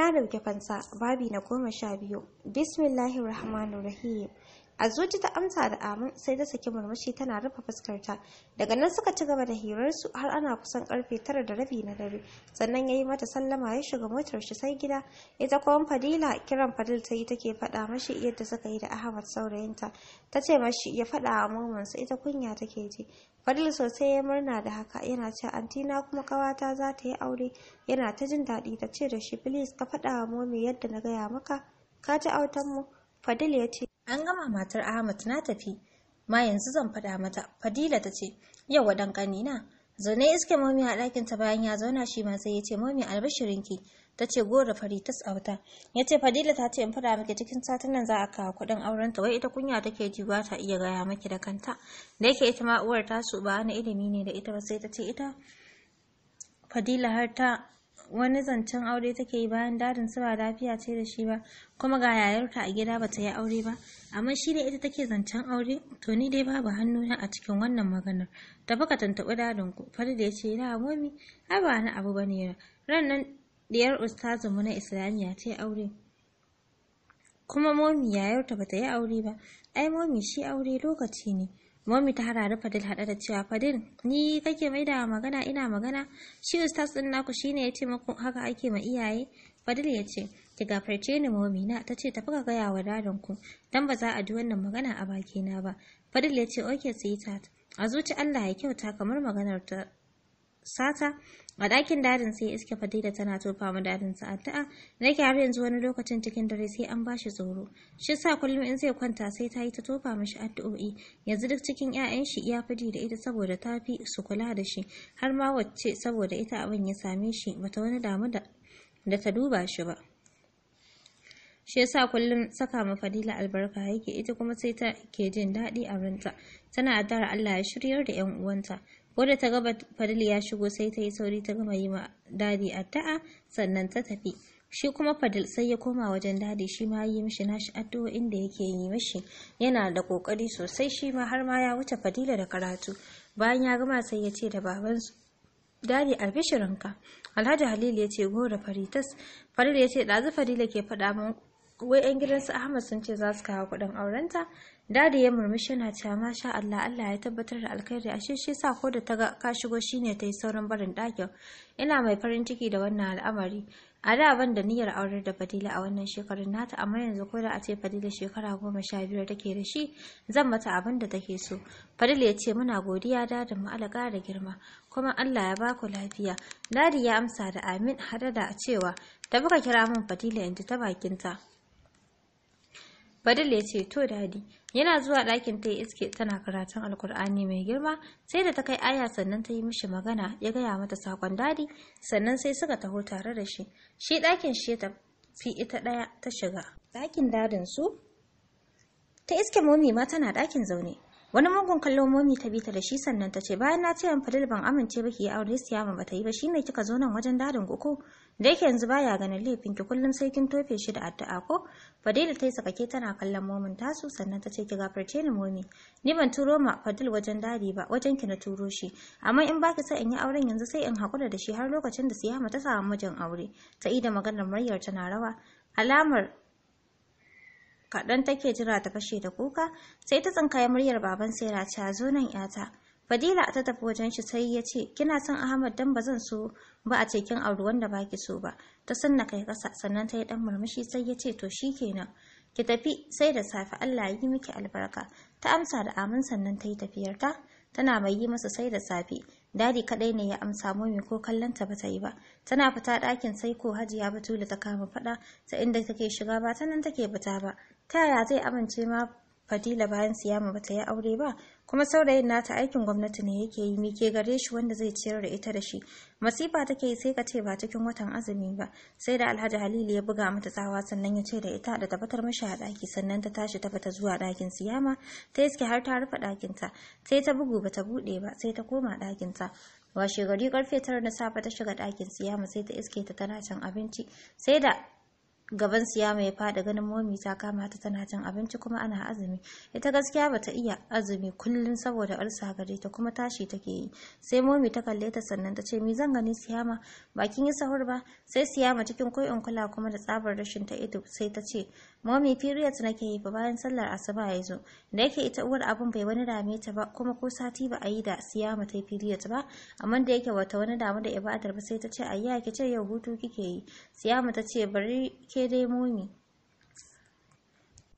da ɗauki fansa babi na goma sha biyu bismillahir rahmanir rahim a zuci ta amsa da amin sai ta saki murmushi tana rufe fuskarta daga nan suka ci gaba da hirarsu har ana kusan karfe tara da rabi na dare sannan ya yi mata sallama ya shiga motar shi sai gida ita kuma fadila kiran fadil ta yi take faɗa mashi yadda suka yi da ahmad saurayinta ta ce mashi ya faɗa wa mamansa ita kunya take ji fadila sosai ya murna da haka yana ce antina kuma kawata za ta yi aure yana ta jin daɗi ta ce da shi please ka faɗa wa momi yadda na gaya maka ka ji autan mu Fadil ya ce an gama matar Ahmad na tafi ma yanzu zan faɗa mata Fadila ta ce yawa dan kanina zaune iske momi a ɗakinta bayan ya zauna shi ma sai ya ce momi albashirinki ta ce gora fari tas a wuta ya ce fadila ta ce in fada miki cikin satin nan za a kawo kuɗin auren ta wai ita kunya take ji ba ta iya gaya miki da kanta da yake ita ma uwar ta su ba na ilimi ne da ita ba sai ta ce ita fadila har ta wani zancen aure take yi bayan dadin su ba lafiya ce da shi ba kuma ga yayarta a gida bata yi aure ba amma shi ne ita take zancen aure to ni dai babu hannuna a cikin wannan maganar tafi ka tantabi dadin ku fari da ya ce na momi ai ba wani abu bane ran nan diyar ustazinmu na islamiya ta yi aure kuma momi yayarta bata yi aure ba ai momi shi aure lokaci ne momi ta harari fadil hada da cewa fadil ni kake mai da magana ina magana shi ustaz din naku shine yace ce maku haka ake ma iyaye fadil ya ce ki gafarce ni momi na ta ce tafi ka gaya wa dadin ku dan ba za a ji wannan magana a baki na ba fadil ya ce okay sweetheart a zuci Allah ya kyauta kamar maganar ta sata A ɗakin dadin sai iske Fadila tana tofa ma dadin sa addu'a, nake har yanzu wani lokacin cikin dare sai an bashi tsoro. Shi sa kullum in zai kwanta sai ta yi ta tofa mishi addu'o'i, yanzu duk cikin 'ya'yan shi iya fadi da ita saboda ta fi su kula da shi, har ma wacce saboda ita abin ya same shi bata wani damu da da ta duba shi ba. shi yasa kullum saka ma fadila albarka yake ita kuma sai ta ke jin daɗi a ranta tana addu'ar Allah ya shiryar da 'yan uwanta wadda ta gaba fadil ya shigo sai ta yi sauri ta gama yi ma dadi addu'a sannan ta tafi shi kuma fadil sai ya koma wajen dadi shi ma yi mishi nashi addu'o'in da yake yi mishi yana da kokari sosai shi ma har ma ya wuce fadila da karatu bayan ya gama sai ya ce da babansu dadi bishirinka. alhaji halil ya ce gora faritas faril ya ce ɗazu fadila ke faɗa min wai 'yan gidan su Ahmad sun ce za su kawo kuɗin aurenta. Dadi ya murmushi yana cewa masha Allah Allah ya tabbatar da alkhairi ashe shi sa ko da ta ga ka shigo shine ta yi saurin barin ɗakin. Ina mai farin ciki da wannan al'amari. A da ban da niyyar aurar da Fadila a wannan shekarun nata amma yanzu ko da a ce Fadila shekara goma sha biyar take da shi zan mata abin da take so. Fadila ya ce muna godiya dadin mu alaƙa da girma kuma Allah ya baku lafiya. Dadi ya amsa da amin hada da cewa tafi ka kira min Fadila yanzu ta bakinta. Badal ya ce to dadi yana zuwa ɗakin ta iske tana karatun alkur'ani mai girma sai da ta kai aya sannan ta yi mishi magana ya gaya mata sakon dadi sannan sai suka taho tare da shi shi ɗakin shi ta fi ita ɗaya ta shiga ɗakin dadin su ta iske momi ma tana ɗakin zaune wani mugun kallo momi ta bi ta da shi sannan ta ce bayan na ce an fadil ban amince ba ki aure siyama bata yi ba shine kika zo nan wajen dadin ko da yake yanzu baya ganin laifin ki kullum sai kin tofe shi da addu'a ko fadila ta yi sakake tana kallon momin tasu sannan ta ce ki gafarce ni momi ni ban turo ma fadil wajen dadi ba wajen ki na turo shi amma in baki sai in yi auren yanzu sai in hakura da shi har lokacin da siyama ta samu mijin aure ta ida maganar maryar tana rawa alamar kaɗan take jira ta fashe da kuka sai ta tsinkaya muryar baban sai ta zo nan yata fadila ta tafi wajen shi sai ya ce kina son ahmad dan ba zan so ba a cikin auri wanda baki so ba ta sanna kai kasa sannan ta yi dan murmushi sai ya ce to kenan ki tafi sai da safe Allah ya yi miki albarka ta amsa da amin sannan ta yi tafiyarta tana mai yi masa sai da safe dadi kaɗai ne ya amsa momi ko kallon ta bata yi ba tana fita ɗakin sai ko hajiya batula ta kama faɗa? ta inda take shiga ba ta nan take fita ba ta yaya zai amince ma fadila bayan siyama ba ta yi aure ba kuma saurayin nata aikin gwamnati ne yake yi mike gare shi wanda zai ciyar da ita da shi masifa take yi sai ka ce ba cikin watan azumi ba sai da alhaji halilu ya buga mata tsawa sannan ya ce da ita da tabbatar mashi a ɗaki sannan ta tashi ta fita zuwa ɗakin siyama ta iske har ta rufe ɗakinta sai ta bugu ba ta buɗe ba sai ta koma ɗakinta washe gari karfe tara na safe ta shiga ɗakin siyama sai ta iske ta tana cin abinci sai da gaban siyama ya fada ganin momi ta kama ta tana cin abinci kuma ana azumi ita gaskiya bata iya azumi kullum saboda arsa gare ta kuma tashi take yi sai momi ta kalle ta sannan ta ce mi zan gani siyama bakin yi sahur ba sai siyama cikin koyon kula kuma da tsabar rashin ta ido sai ta ce Mommy period nake yi ba bayan sallar asuba ya zo. Da yake ita uwar abun bai wani dame ta ba kuma ko sati ba a yi da siyama ta period ba. Amma da yake wata wani damu da ibadar ba sai ta ce ayya ki ce yau hutu kike yi. Siyama ta ce bari ke dai momi.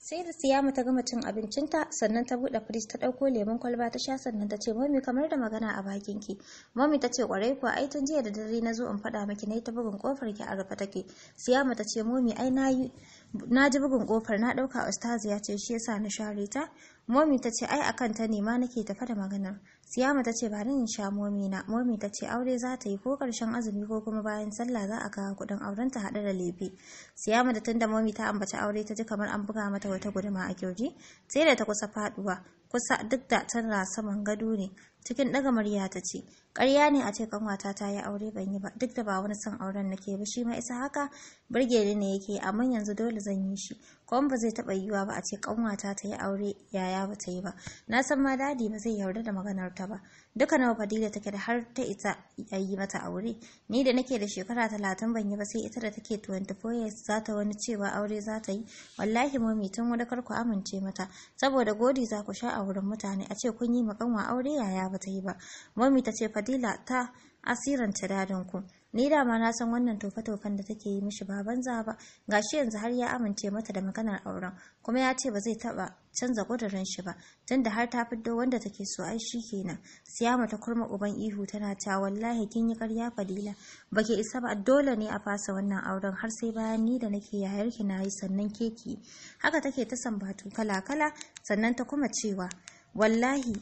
sai da siya ta gama cin abincinta sannan ta buɗe firist ta ɗauko lemon kwalba ta sha sannan ta ce mami kamar da magana a bakin ki mami ta ce kwarai kuwa ai tun jiya da dare na zo in faɗa miki yi ta bugun kofar ki a rufe take siyama ta ce mami ai na yi. na ji bugun kofar na ɗauka ya ce shi yasa na share ta momi ta ce ai akan ta ne ma nake tafa da maganar siyama ta ce ba ni in sha momi na momi ta ce aure za ta yi ko karshen azumi ko kuma bayan sallah za a kawo kuɗin auren ta hada da lefe siyama da tunda momi ta ambaci aure ta ji kamar an buga mata wata guduma a kirji sai da ta kusa faduwa? kusa duk da tana saman gado ne cikin ɗaga murya ta ce Ƙarya ne a ce kanwata ta yi aure ban yi ba, duk da ba wani son auren nake ba shi ma isa haka burge ni ne yake amma yanzu dole zan yi shi. Kuma ba zai taɓa yiwuwa ba a ce kanwata ta yi aure yaya ba ta yi ba. Na san ma dadi ba zai yarda da maganar ta ba. Duka nawa Fadila take da har ta ita ya yi mata aure. Ni da nake da shekara talatin ban yi ba sai ita da take 24 years za ta wani cewa aure za ta yi. Wallahi mami tun wani kar ku amince mata saboda godi za ku sha a wurin mutane a ce kun yi ma kanwa aure yaya ba ta yi ba. Mami ta ce Fadila ta asiranta dadin ku. Ni dama na san wannan tofa-tofan da take yi mishi ba banza ba, gashi yanzu har ya amince mata da maganar auren, kuma ya ce ba zai taba canza gudurin shi ba, tunda har ta fiddo wanda take so ai shi kenan. Siyama ta kurma uban ihu tana ta wallahi kin yi ƙarya fadila, baki isa ba dole ne a fasa wannan auren har sai bayan ni da nake yayar ki na yi sannan keki. Haka take ta sambatu kala-kala, sannan ta kuma cewa wallahi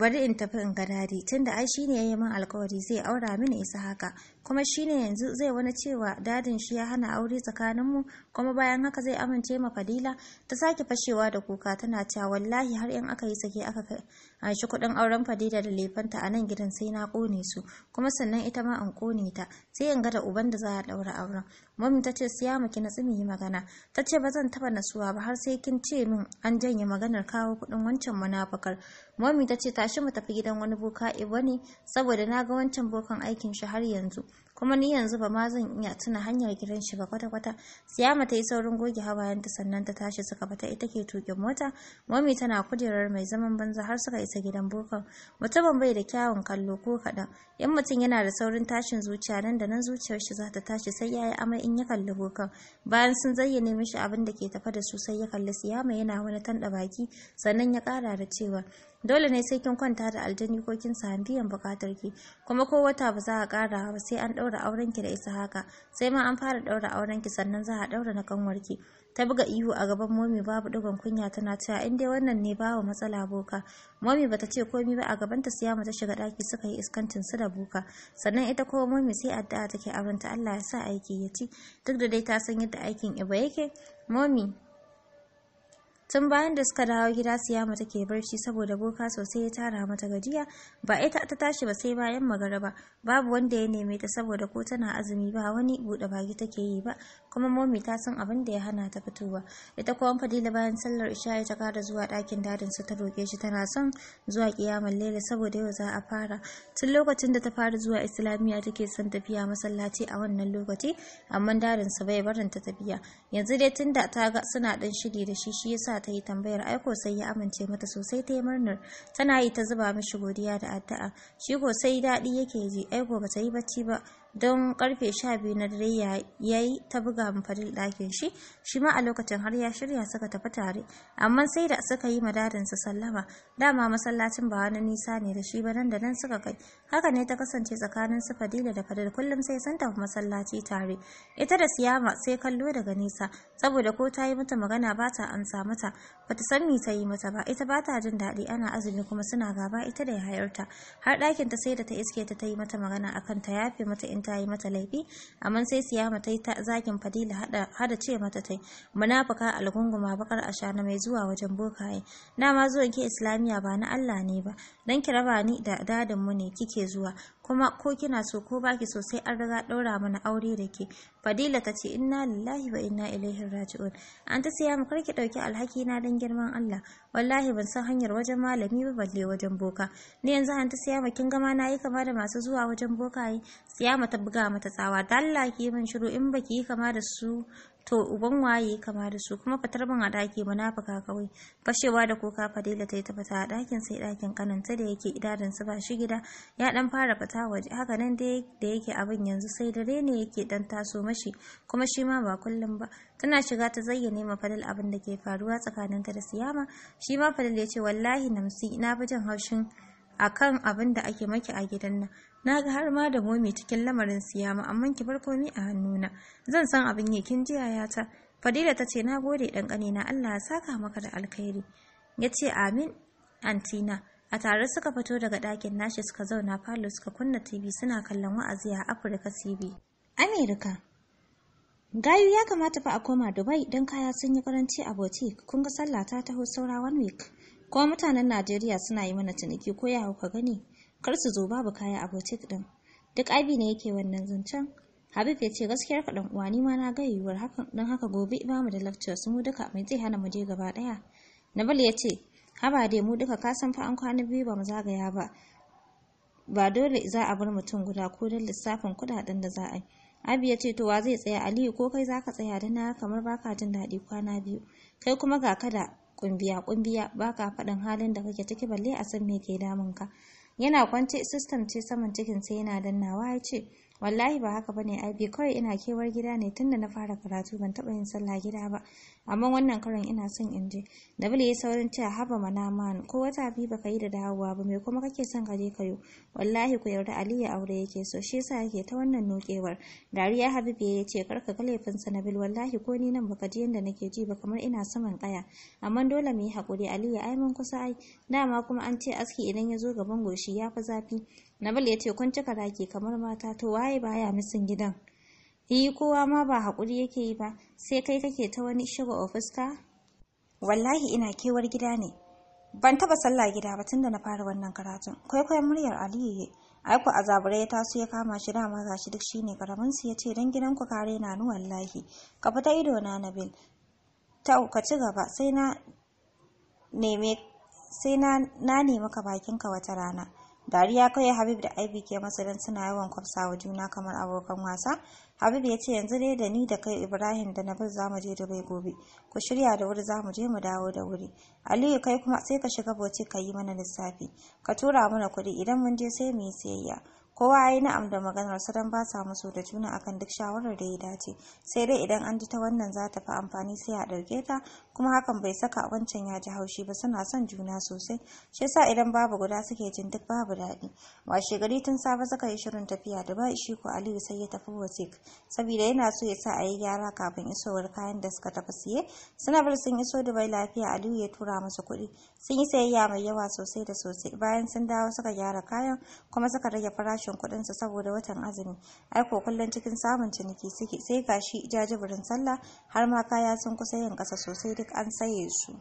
bari in tafi in ga dadi tunda ai shine yayi min alkawari zai aura mini isa haka kuma shine yanzu zai wani cewa dadin shi ya hana aure tsakaninmu kuma bayan haka zai amince ma fadila ta sake fashewa da kuka tana cewa wallahi har in aka yi sake aka kai shi kuɗin auren fadila da lefanta a nan gidan sai na kone su kuma sannan ita ma an kone ta sai in ga da uban da za a daura auren mami ta ce siya miki na tsimi magana ta ce ba zan taɓa nasuwa ba har sai kin ce min an janye maganar kawo kuɗin wancan munafakar mami ta ce tashi mu tafi gidan wani boka ibo ne saboda na ga wancan bokan aikin shi har yanzu kuma ni yanzu ba ma zan iya tuna hanyar gidan shi ba kwata-kwata siyama ta yi saurin goge hawayenta sannan ta tashi suka fita ita ke tukin mota mami tana kujerar mai zaman banza har suka isa gidan bokan mutumin bai da kyawun kallo ko kaɗan in mutum yana da saurin tashin zuciya nan da nan zuciyar shi za ta tashi sai ya yi amai in ya kalli bokan bayan sun zayyane mishi abin da ke tafa da su sai ya kalli siyama yana wani tanɗa baki sannan ya ƙara da cewa dole ne sai kin kwanta da aljani ko kin sami biyan buƙatar ki kuma ko wata ba za a ƙara ba sai an ɗau daura aurenki da isa haka sai ma an fara daura aurenki sannan za a ɗaura na kanwarki ta buga ihu a gaban momi babu digon kunya tana cewa in dai wannan ne bawa matsala boka momi bata ce komi ba a gaban ta siyama ta shiga daki suka yi iskancin su da boka sannan ita kuma momi sai addu'a take aurenta Allah ya sa aiki ya ci duk da dai ta san yadda aikin iba yake momi tun bayan da suka dawo gida siyama take barci saboda boka sosai ya tara mata gajiya ba ita ta tashi ba sai bayan magaraba babu wanda ya neme ta saboda ko tana azumi ba wani bude baki take yi ba kuma momi ta san abin da ya hana ta fitowa ita kuma fadila bayan sallar isha'i ta kara zuwa ɗakin dadin su ta roke shi tana son zuwa kiyamar laila saboda yau za a fara tun lokacin da ta fara zuwa islamiyya take son tafiya masallaci a wannan lokaci amma dadin sa bai barin ta tafiya yanzu dai tunda ta ga suna dan shiri da shi shi yasa ta yi tambayar aiko sai ya amince mata sosai ta yi murnar tana yi ta zuba mishi godiya da addu'a shi ko sai daɗi yake ji aiko ba ta yi bacci ba don karfe sha biyu na dare ya yi ta buga mu ɗakin shi shi ma a lokacin har ya shirya suka tafi tare amma sai da suka yi su sallama dama masallacin ba wani nisa ne da shi ba nan da nan suka kai haka ne ta kasance tsakanin su fadila da fadil kullum sai sun tafi masallaci tare ita da siyama sai kallo daga nisa saboda ko ta yi mata magana ba ta amsa mata Ba ta san ni ta yi mata ba ita ba ta jin daɗi ana azumi kuma suna gaba ita da yayarta har ɗakinta sai da ta iske ta ta yi mata magana akan ta yafe mata in ta yi mata laifi amma sai siyama ta yi ta zakin fadila hada ce mata tai munafuka algunguma bakar ashana mai zuwa wajen bokaye Nama zuwan ki islamiya ba na Allah ne ba dan ki raba ni da dadin mu ne kike zuwa kuma ko kina so ko baki so sai an riga ɗaura mana aure da ke fadila ta ce inna lillahi wa inna ilaihi raji'un an ta siya mu karki ɗauki alhaki na dan girman Allah wallahi ban san hanyar wajen malami ba balle wajen boka ni yanzu an ta siya kin gama na yi kama da masu zuwa wajen boka? yi siya ta buga mata tsawa dalla ki min shiru in baki yi kama da su to uban waye kama da su kuma fatar ban a ɗaki munafuka kawai fashewa da kuka fadila ta yi ta fita a dakin sai dakin kananta da yake idanun su ba shi gida ya dan fara fita waje haka nan dai da yake abin yanzu sai dare ne yake dan taso mashi kuma shi ma ba kullum ba tana shiga ta zayyane ma fadil abin da ke faruwa tsakaninta da siyama shi ma fadil ya ce wallahi namsi na fi jin haushin akan abin da ake maki a gidan nan na ga har ma da momi cikin lamarin siyama amma ki bar komi a hannuna zan san abin yi kin ya ta fadila ta ce na gode dan na allah ya saka maka da alkhairi ya ce amin antina a tare suka fito daga ɗakin nashi suka zauna falo suka kunna tv suna kallon wa'azi a afirka tv amerika gayu ya kamata fa a koma dubai don kaya sun yi karanci a boutique kun ga sallah ta taho saura one week kuma mutanen najeriya suna yi mana tuniki ko ya hauka gani kar su zo babu kaya a boutique din duk abi ne yake wannan zancen habib ya ce gaskiyar ka dan uwa ni ma na ga yiwuwar hakan dan haka gobe ba mu da lecture su mu duka mai zai hana mu je gaba daya nabil ya ce haba dai mu duka ka san fa an kwana biyu ba mu zagaya ba ba dole za a bar mutum guda ko dan lissafin kudaden da za a yi abi ya ce to wa zai tsaya aliyu ko kai zaka tsaya da na kamar baka jin daɗi kwana biyu kai kuma ga kada kumbiya kumbiya baka faɗin halin da kake ciki balle a san me ke damun ka yana kwance system ce saman cikin sai yana dannawa ya ce wallahi ba haka bane ai bi kawai ina kewar gida ne tunda na fara karatu ban taba yin sallah gida ba amma wannan karon ina son in je dabul ya saurin cewa haba mana man ko wata bi baka yi da dawowa ba me kuma kake son ka je kayo wallahi ku yarda ali ya aure yake so shi yasa yake ta wannan nokewar dariya habib ya ce karka kalefin sa bil wallahi ko ni nan baka ji yanda nake ji ba kamar ina saman kaya amma dole mu yi hakuri ali ya ai mun kusa ai dama kuma an ce aski idan ya zo gaban goshi ya fi zafi Nabil ya ce kun cika raki kamar mata to waye baya misin gidan. Eh kowa ma ba hakuri yake yi ba sai kai kake ta wani shiga ofis ka? Wallahi ina kewar gida ne. Ban taba sallah gida ba tun da na fara wannan karatun. Kwaikwayon muryar Aliyu ai ku azabure ya taso ya kama shi dama shi duk shine karamin su yace dan gidan ku kare na ni wallahi. Ka fita ido na Nabil. Tau ka ci gaba sai na neme sai na na nemi ka bakin wata rana. dariya kawai habib da aibi ke masa don suna yawan kwafsawa juna kamar abokan wasa habib ya ce yanzu dai da ni da kai ibrahim da nabil za mu je dubai gobe ku shirya da wuri za mu je mu dawo da wuri aliyu kai kuma sai ka shiga boci ka yi mana lissafi ka tura mana kuɗi idan mun je sai mu yi sayayya kowa ya yi na'am da maganar su don ba sa musu da juna akan duk shawarar da ya dace sai dai idan an ji ta wannan za ta fi amfani sai a ɗauke ta kuma hakan bai saka wancan ya ji haushi ba suna son juna sosai shi yasa idan babu guda suke jin duk babu daɗi washe gari tun safe suka yi shirin tafiya da ba shi ko aliyu sai ya tafi wasik saboda yana so ya sa a yi gyara kafin isowar kayan da suka tafi siye sanabar sun iso dubai lafiya aliyu ya tura musu kuɗi sun yi sayayya mai yawa sosai da sosai bayan sun dawo suka gyara kayan kuma suka rage farashin kashin kuɗinsu saboda watan azumi aiko kullum cikin samun ciniki suke sai gashi jajibirin sallah har ma kaya sun kusa yin ƙasa sosai duk an saye su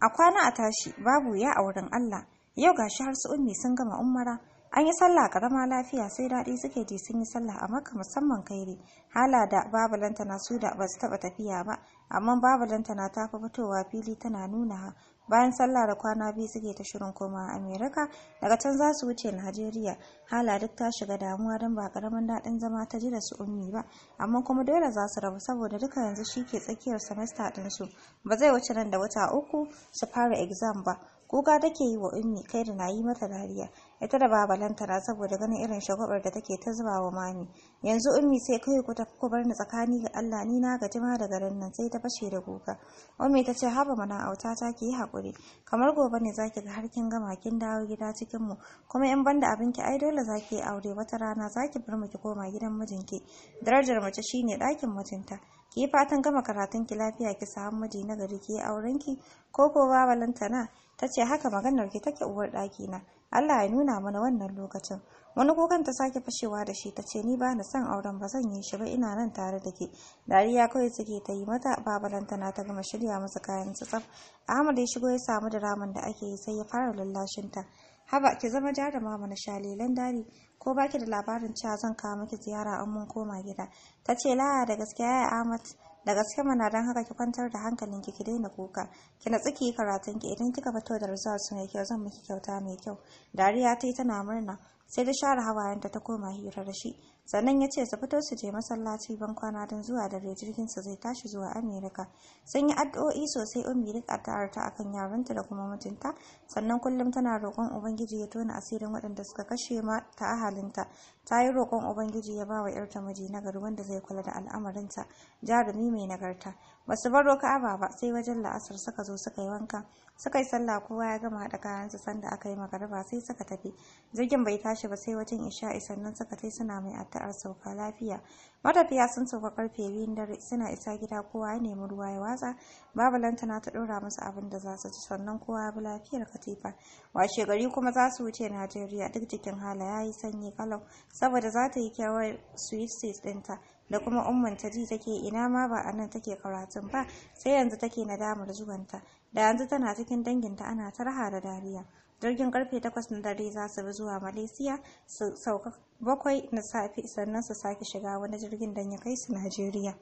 a kwana a tashi babu ya a wurin allah yau gashi har su ummi sun gama ummara an yi sallah karama lafiya sai daɗi suke ji sun yi sallah a maka musamman kairi hala da babalanta na su da ba su taɓa tafiya ba amma babalanta na ta fi fitowa fili tana nuna bayan sallah da kwana biyu suke ta shirin koma amerika daga can za su wuce najeriya hala duk ta shiga damuwa don ba karamin daɗin zama ta ji da su ummi ba amma kuma dole za su rabu saboda duka yanzu shi ke tsakiyar semester ɗinsu ba zai wuce nan da wata uku su fara exam ba kuka take yi wa ummi kai da na yi mata dariya ita da babalanta na saboda ganin irin shagwabar da take ta zuba wa mami yanzu ummi sai kai ku ta bar ni tsakani ga Allah ni na gaji ma da garin nan sai ta fashe da kuka ummi ta ce haba mana auta ta ki yi hakuri kamar gobe ne zaki ga harkin gama kin dawo gida cikin mu kuma in banda abin ki ai dole zaki aure wata rana zaki bar mu ki koma gidan mijinki darajar mace shine ɗakin mutunta ki yi fatan gama karatun ki lafiya ki samu miji na gari ki yi auren ki ko ko baba lantana ta ce haka maganar ki take uwar ɗaki na Allah ya nuna mana wannan lokacin wani kukan ta sake fashewa da shi ta ce ni ba na son auren ba zan yi shi ba ina nan tare da ke dariya kawai suke ta yi mata baba lantana ta gama shirya masa kayan su tsaf Ahmad ya shigo ya samu da ramin da ake yi sai ya fara lallashin ta haba ki zama jarumawa mana shalilan dari ko baki da labarin cewa zan kawo miki ziyara an mun koma gida ta ce la da gaskiya ya Ahmad da gaske mana don haka ki kwantar da hankalinki ki daina kuka ki na tsiki karatun ki idan kika fito da results mai kyau zan miki kyauta mai kyau dariya ta yi tana murna sai da share hawayenta ta koma hira da shi sannan ya ce su fito su je masallaci ban kwana don zuwa dare jirgin su zai tashi zuwa amerika sun yi addu'o'i sosai ummi duk addu'ar ta akan yaranta da kuma mutunta sannan kullum tana roƙon ubangiji ya tona asirin waɗanda suka kashe ma ta ahalinta ta yi roƙon ubangiji ya ba wa yarta miji nagari wanda zai kula da al'amarinta jarumi mai nagarta ba su baro ka'aba ba sai wajen la'asar suka zo suka yi wanka suka yi sallah kowa ya gama haɗa kayansu sanda aka yi magariba sai suka tafi jirgin bai tashi ba sai wajen isha'i sannan suka tai suna mai addu'ar sauka lafiya matafiya sun sauka karfe biyun dare suna isa gida kowa ya nemi ruwa ya watsa babu lantana ta ɗora musu abin da za su ci sannan kowa ya bi lafiyar katifa washe gari kuma za su wuce najeriya duk jikin hala ya yi sanyi kalau saboda za ta yi kyawar sweet seeds ɗinta da kuma umman ta ji take ina ma ba a nan take karatun ba sai yanzu take nadamar zuwanta da yanzu tana cikin dangin danginta ana tarha da dariya jirgin karfe 8 na dare za su bi zuwa malaysia su sauka bakwai na safe sannan su sake shiga wani jirgin don ya kai su nigeria.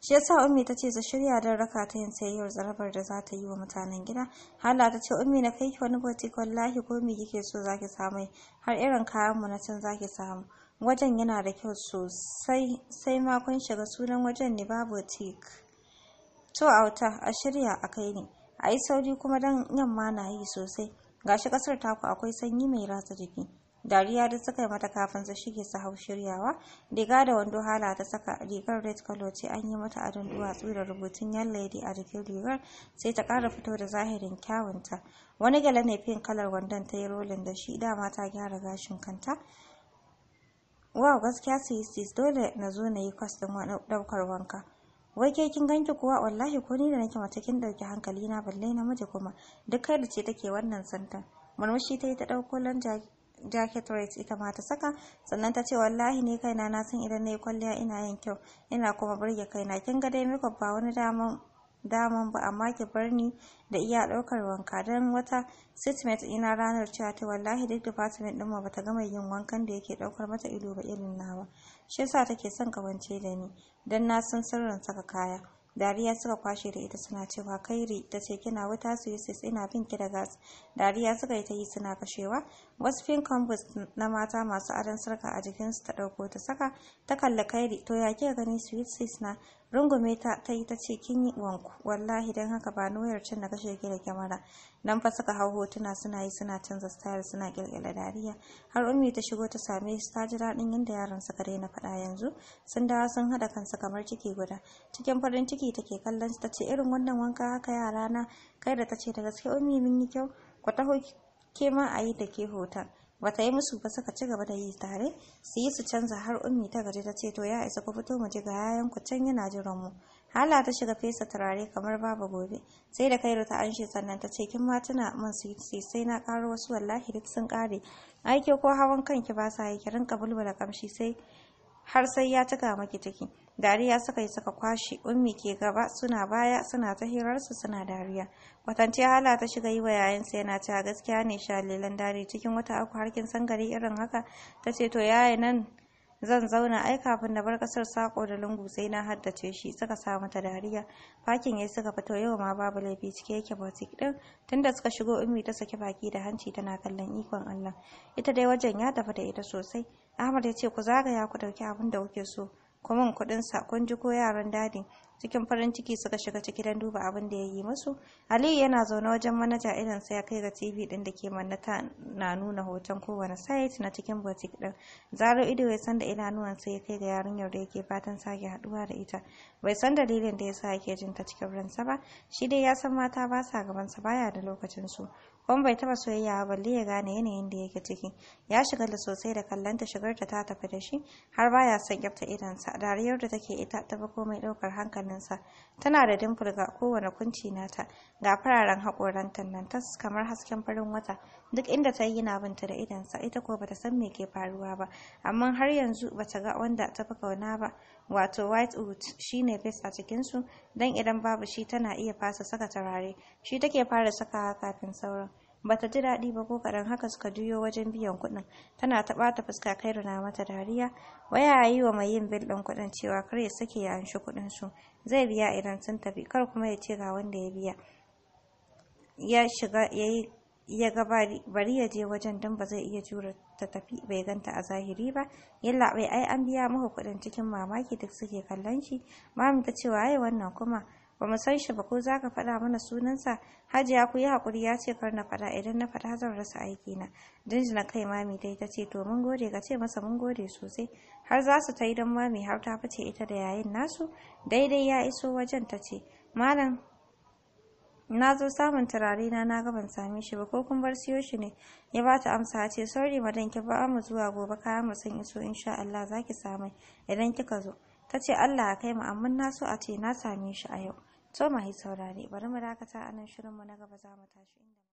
shi yasa ummi ta ce su shirya don raka ta yin sayayyar zarabar da za ta yi wa mutanen gida hala ta ce ummi na kai ki wani boti wallahi ko me kike so zaki samu har irin kayan mu na can zaki samu wajen yana da kyau sosai sai ma kun shiga sunan wajen ne babu tik to auta a shirya a kai ne a yi sauri kuma dan yamma na yi sosai gashi kasar taku akwai sanyi mai ratsa jiki dariya da suka yi mata kafin su shige su hau shiryawa riga da wando hala ta saka rigar red color ce an yi mata adon duwatsu da rubutun yan lady a jikin rigar sai ta kara fito da zahirin kyawunta wani gyale ne fin kalar wandon ta yi rolin da shi dama ta gyara gashin kanta wow gaskiya su yi sis dole na zo na yi kwas ɗin ɗaukar wanka wai ke kin ganki kuwa wallahi ko ni da nake mace kin ɗauki hankali na balle namiji kuma duk kai da ce take wannan santan murmushi ta yi ta ɗauko lan jacket rate ita ma ta saka sannan ta ce wallahi ne kaina na san idan na yi kwalliya ina yin kyau ina kuma burge kaina kin ga dai makeup ba wani daman daman ba amma ki bar ni da iya ɗaukar wanka don wata statement ina ranar cewa ta wallahi duk department ɗinmu bata gama yin wankan da yake ɗaukar mata ido ba irin nawa shi yasa take son kawance da ni don na san sirrin saka kaya dariya suka kwashe da ita suna cewa kairi ta ce kina wuta sis ina bin ki da gas dariya suka yi ta yi suna kashewa wasu fin combus na mata masu adon sarka a jikinsu ta ɗauko ta saka ta kalla kairi to ya ke gani sis na rungume ta ta yi ta ce kin yi wanku wallahi don haka ba wayar can na kashe ki da kyamara nan fa suka hau hotuna suna yi suna canza style suna kirkira dariya har ummi ta shigo ta same su ta ji daɗin yadda yaran suka daina faɗa yanzu sun dawo sun haɗa kansu kamar ciki guda cikin farin ciki take kallon su ta ce irin wannan wanka haka yara na kai da ta ce da gaske ummi mun yi kyau ku taho ke ma a yi da ke hoton bata yi musu ba suka ci gaba da yi tare su yi su canza har ummi ta gaji ta ce to ya isa ku fito mu ji ga yayan ku can yana jiran mu hala ta shiga fesa turare kamar babu gobe sai da kairu ta anshe sannan ta ce kin ma tuna man su yi sai na karo wasu wallahi duk sun kare aike ko hawan kanki ba sa yi ki rinka bulbula kamshi sai har sai ya cika maki ciki dariya suka yi suka kwashe ummi ke gaba suna baya suna ta hirarsu suna dariya kwatance hala ta shiga yi wa yayansa yana ta gaskiya ne shalilan dare cikin wata aku harkin sangare irin haka ta ce to yaya nan zan zauna ai kafin da bar kasar sako da lungu sai na haddace shi suka sa mata dariya fakin yayi suka fito yau ma babu laifi cike yake botik din tunda suka shigo ummi ta saki baki da hanci tana kallon ikon Allah ita dai wajen ya tafi da ita sosai Ahmad ya ce ku zagaya ku dauki abin da kuke so Kuma kudin sakon jiko ko yaran dadi cikin farin ciki suka shiga ciki don duba abin da ya yi musu aliyu yana zaune wajen manaja irin sai ya kai ga tv din da ke mallaka na nuna hoton kowane site na cikin boutique din zaro ido ya san da idanuwan sai ya kai ga yarinyar da yake fatan sake haduwa da ita bai san dalilin da yasa yake jin ta cikin ransa ba shi dai ya san mata ba sa gaban sa baya da lokacin su kuma bai taba soyayya ba balle ya gane yanayin da yake ciki ya shiga da sosai da kallon ta shigar ta tafi da shi har baya son kyafta sa dariyar da take ita ta ba komai daukar hankalinsa tana da dimple ga kowane kunci nata ga fararen haƙoranta nan tas kamar hasken farin wata duk inda ta yi yana binta da idansa ita ko bata san me ke faruwa ba amma har yanzu bata ga wanda ta fi kauna ba wato white wood ne best a cikinsu don idan babu shi tana iya fasa saka turare shi take fara sakawa kafin sauran bata ji daɗi ba ko kaɗan haka suka juyo wajen biyan kuɗin tana ta ɓata fuska kai na mata dariya waya yi wa mai yin bil ɗin kuɗin cewa kar ya sake ya anshi kuɗin su zai biya idan sun tafi kar kuma ya ce ga wanda ya biya ya shiga ya yi ya ga bari ya je wajen don ba zai iya jura ta tafi bai ganta a zahiri ba yalla bai ai an biya maka kuɗin cikin mamaki duk suke kallon shi mamu ta cewa ai wannan kuma ba mu san shi ba ko zaka ka faɗa mana sunansa hajiya ku yi hakuri ya ce kar na faɗa idan na faɗa zan rasa aikina na kai mami dai ta ce to mun gode ka ce masa mun gode sosai har za su ta yi don mami har ta fice ita da yayin nasu daidai ya iso wajen ta ce malam na zo samun turare na na gaban same shi ba ko kun bar siyo shi ne ya ba ta amsa ce sorry madan ki ba mu zuwa gobe kaya mu sun iso insha Allah zaki sami idan kika zo ta ce Allah ya kai mu amma na so a ce na same shi a yau To mai saurare bari mu dakata a nan shirinmu na gaba za mu tashi inda